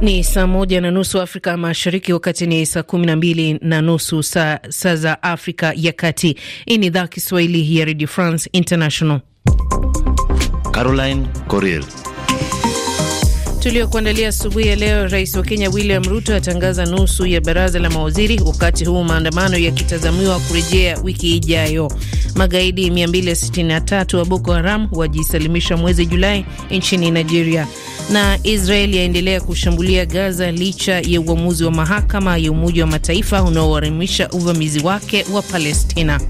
Ni saa moja na nusu Afrika Mashariki, wakati ni saa kumi na mbili na nusu saa sa za Afrika ya Kati. Hii ni idhaa Kiswahili ya Radio France International. Caroline Coril Tuliokuandalia asubuhi ya leo. Rais wa Kenya William Ruto atangaza nusu ya baraza la mawaziri, wakati huu maandamano yakitazamiwa kurejea wiki ijayo. Magaidi 263 wa Boko Haram wajisalimisha mwezi Julai nchini Nigeria. Na Israel yaendelea kushambulia Gaza licha ya uamuzi wa mahakama ya Umoja wa Mataifa unaoharimisha uvamizi wake wa Palestina.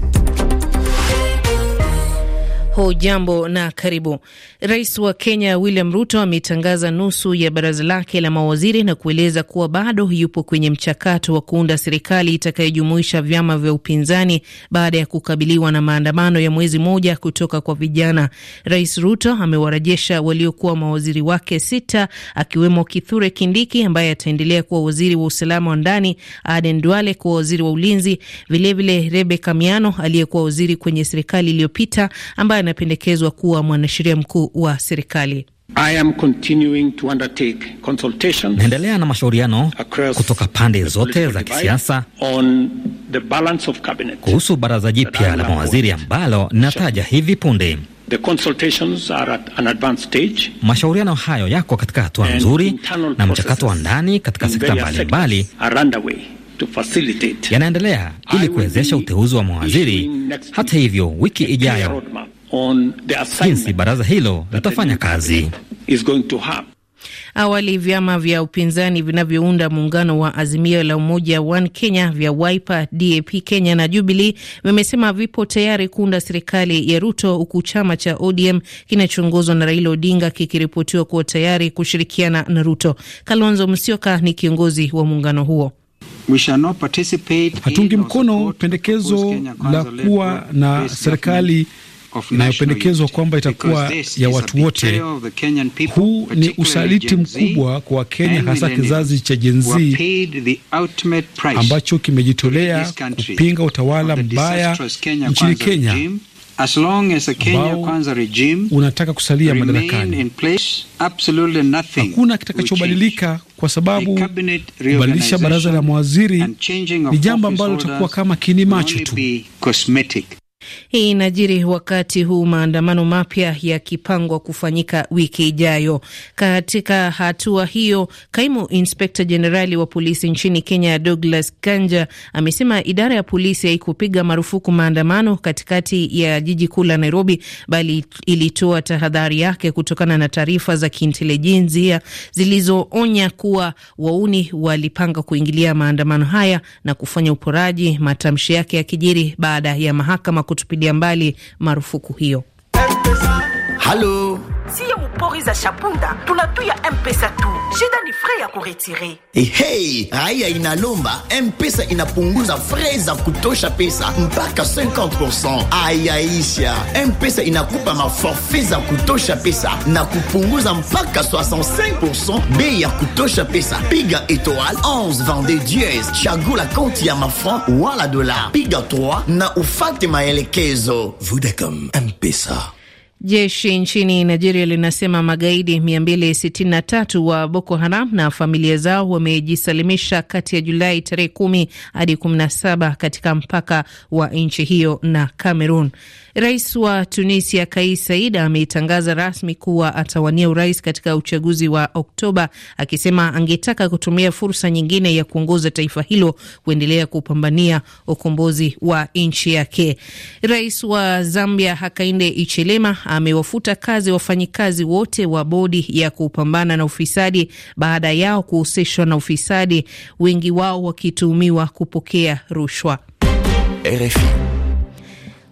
Hujambo na karibu. Rais wa Kenya William Ruto ametangaza nusu ya baraza lake la mawaziri na kueleza kuwa bado yupo kwenye mchakato wa kuunda serikali itakayojumuisha vyama vya upinzani baada ya kukabiliwa na maandamano ya mwezi mmoja kutoka kwa vijana. Rais Ruto amewarejesha waliokuwa mawaziri wake sita, akiwemo Kithure Kindiki ambaye ataendelea kuwa waziri wa usalama wa ndani, Aden Duale kuwa waziri wa ulinzi, vilevile Rebe Kamiano aliyekuwa waziri kwenye serikali iliyopita ambaye anapendekezwa kuwa mwanasheria mkuu wa serikali. Naendelea na mashauriano kutoka pande zote za kisiasa kuhusu baraza jipya la mawaziri ambalo ninataja hivi punde. The consultations are at an advanced stage. Mashauriano hayo yako katika hatua nzuri na mchakato wa ndani katika sekta mbalimbali yanaendelea ili kuwezesha uteuzi wa mawaziri. Hata hivyo, wiki ijayo on the jinsi baraza hilo litafanya kazi. Awali vyama vya upinzani vinavyounda muungano wa Azimio la Umoja One Kenya vya Wiper, DAP Kenya na Jubilee vimesema vipo tayari kuunda serikali ya Ruto, huku chama cha ODM kinachoongozwa na Raila Odinga kikiripotiwa kuwa tayari kushirikiana na Ruto. Kalonzo Musyoka ni kiongozi wa muungano huo. Hatungi mkono pendekezo la kuwa na serikali inayopendekezwa kwamba itakuwa ya watu wote. Huu ni usaliti mkubwa kwa Wakenya, hasa kizazi cha jenzi ambacho kimejitolea kupinga utawala mbaya nchini Kenya unataka kusalia madarakani. Hakuna kitakachobadilika kwa sababu kubadilisha baraza la mawaziri ni jambo ambalo litakuwa kama kini macho tu. Hii inajiri wakati huu maandamano mapya yakipangwa kufanyika wiki ijayo. Katika hatua hiyo, kaimu inspekta jenerali wa polisi nchini Kenya Douglas Kanja amesema idara ya polisi haikupiga marufuku maandamano katikati ya jiji kuu la Nairobi, bali ilitoa tahadhari yake kutokana na taarifa za kiintelijensia zilizoonya kuwa wauni walipanga kuingilia maandamano haya na kufanya uporaji. Matamshi yake yakijiri baada ya mahakama kutupilia mbali marufuku hiyo. Halo siyo za chapunda tunatuya mpesa tu shida ni fre ya kuretire Hey, aya inalomba mpesa inapunguza fre za kutosha pesa mpaka 50 Aisha. mpesa inakupa maforfe za kutosha pesa na kupunguza mpaka 65 bei ya kutosha pesa piga etoal 11 vende 10. chagula konti ya mafran wala dola. piga 3 na ufate maelekezo vodacom mpesa Jeshi nchini Nigeria linasema magaidi 263 wa Boko Haram na familia zao wamejisalimisha kati ya Julai tarehe 10 hadi 17 katika mpaka wa nchi hiyo na Cameroon. Rais wa Tunisia Kais Saied ametangaza rasmi kuwa atawania urais katika uchaguzi wa Oktoba, akisema angetaka kutumia fursa nyingine ya kuongoza taifa hilo kuendelea kupambania ukombozi wa nchi yake. Rais wa Zambia Hakainde Ichilema amewafuta kazi wafanyikazi wote wa bodi ya kupambana na ufisadi baada yao kuhusishwa na ufisadi, wengi wao wakituhumiwa kupokea rushwa. RFI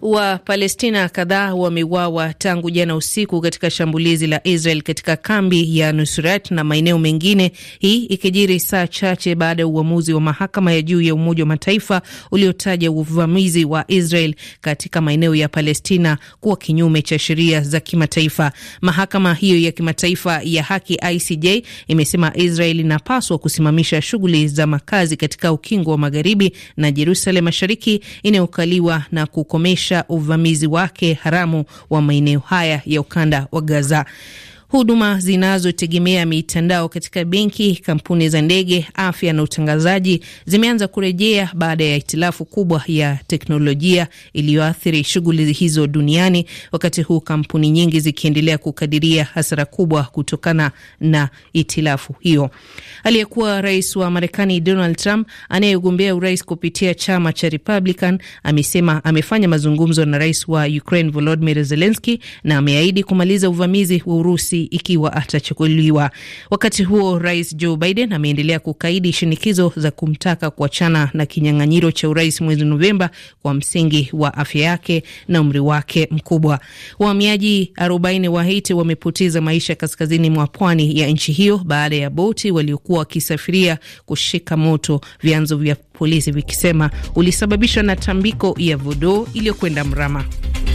wa Palestina kadhaa wameuawa tangu jana usiku katika shambulizi la Israel katika kambi ya Nusrat na maeneo mengine, hii ikijiri saa chache baada ya uamuzi wa mahakama ya juu ya Umoja wa Mataifa uliotaja uvamizi wa Israel katika maeneo ya Palestina kuwa kinyume cha sheria za kimataifa. Mahakama hiyo ya kimataifa ya haki ICJ imesema Israel inapaswa kusimamisha shughuli za makazi katika ukingo wa magharibi na Jerusalem mashariki inayokaliwa na kukomesha kukomesha uvamizi wake haramu wa maeneo haya ya ukanda wa Gaza huduma zinazotegemea mitandao katika benki, kampuni za ndege, afya na utangazaji zimeanza kurejea baada ya hitilafu kubwa ya teknolojia iliyoathiri shughuli hizo duniani, wakati huu kampuni nyingi zikiendelea kukadiria hasara kubwa kutokana na hitilafu hiyo. Aliyekuwa rais wa Marekani Donald Trump anayegombea urais kupitia chama cha Republican amesema amefanya mazungumzo na rais wa Ukraine Volodymyr Zelensky na ameahidi kumaliza uvamizi wa Urusi ikiwa atachukuliwa. Wakati huo, rais Joe Biden ameendelea kukaidi shinikizo za kumtaka kuachana na kinyang'anyiro cha urais mwezi Novemba kwa msingi wa afya yake na umri wake mkubwa. Wahamiaji 40 wa Haiti wamepoteza maisha kaskazini mwa pwani ya nchi hiyo baada ya boti waliokuwa wakisafiria kushika moto, vyanzo vya polisi vikisema ulisababishwa na tambiko ya vodoo iliyokwenda mrama.